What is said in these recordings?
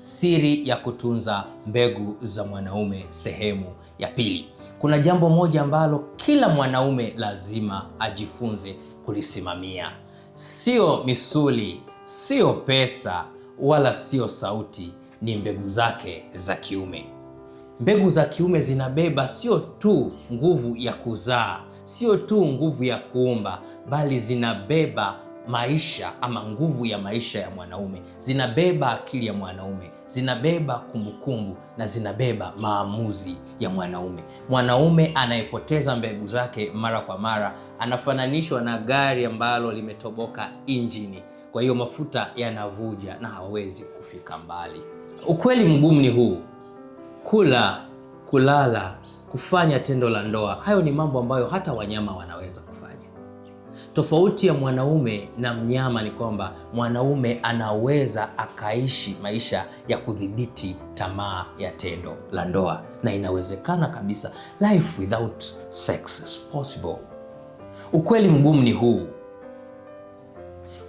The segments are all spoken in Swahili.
siri ya kutunza mbegu za mwanaume sehemu ya pili. Kuna jambo moja ambalo kila mwanaume lazima ajifunze kulisimamia. Sio misuli, sio pesa, wala sio sauti, ni mbegu zake za kiume. Mbegu za kiume zinabeba sio tu nguvu ya kuzaa, sio tu nguvu ya kuumba, bali zinabeba maisha ama nguvu ya maisha ya mwanaume, zinabeba akili ya mwanaume, zinabeba kumbukumbu na zinabeba maamuzi ya mwanaume. Mwanaume anayepoteza mbegu zake mara kwa mara anafananishwa na gari ambalo limetoboka injini, kwa hiyo mafuta yanavuja na hawezi kufika mbali. Ukweli mgumu ni huu: kula, kulala, kufanya tendo la ndoa, hayo ni mambo ambayo hata wanyama wanaweza kufanya. Tofauti ya mwanaume na mnyama ni kwamba mwanaume anaweza akaishi maisha ya kudhibiti tamaa ya tendo la ndoa, na inawezekana kabisa. Life without sex is possible. Ukweli mgumu ni huu: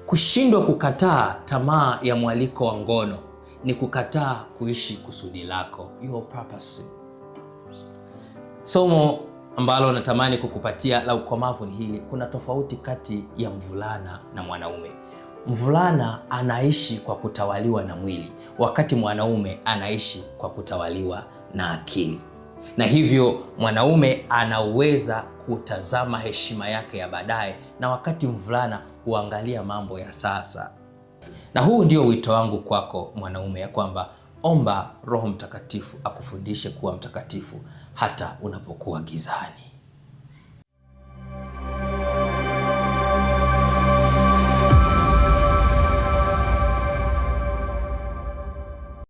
kushindwa kukataa tamaa ya mwaliko wa ngono ni kukataa kuishi kusudi lako, your purpose. Somo ambalo natamani kukupatia la ukomavu ni hili. Kuna tofauti kati ya mvulana na mwanaume. Mvulana anaishi kwa kutawaliwa na mwili, wakati mwanaume anaishi kwa kutawaliwa na akili, na hivyo mwanaume anaweza kutazama heshima yake ya baadaye, na wakati mvulana huangalia mambo ya sasa. Na huu ndio wito wangu kwako mwanaume, ya kwamba omba Roho Mtakatifu akufundishe kuwa mtakatifu hata unapokuwa gizani.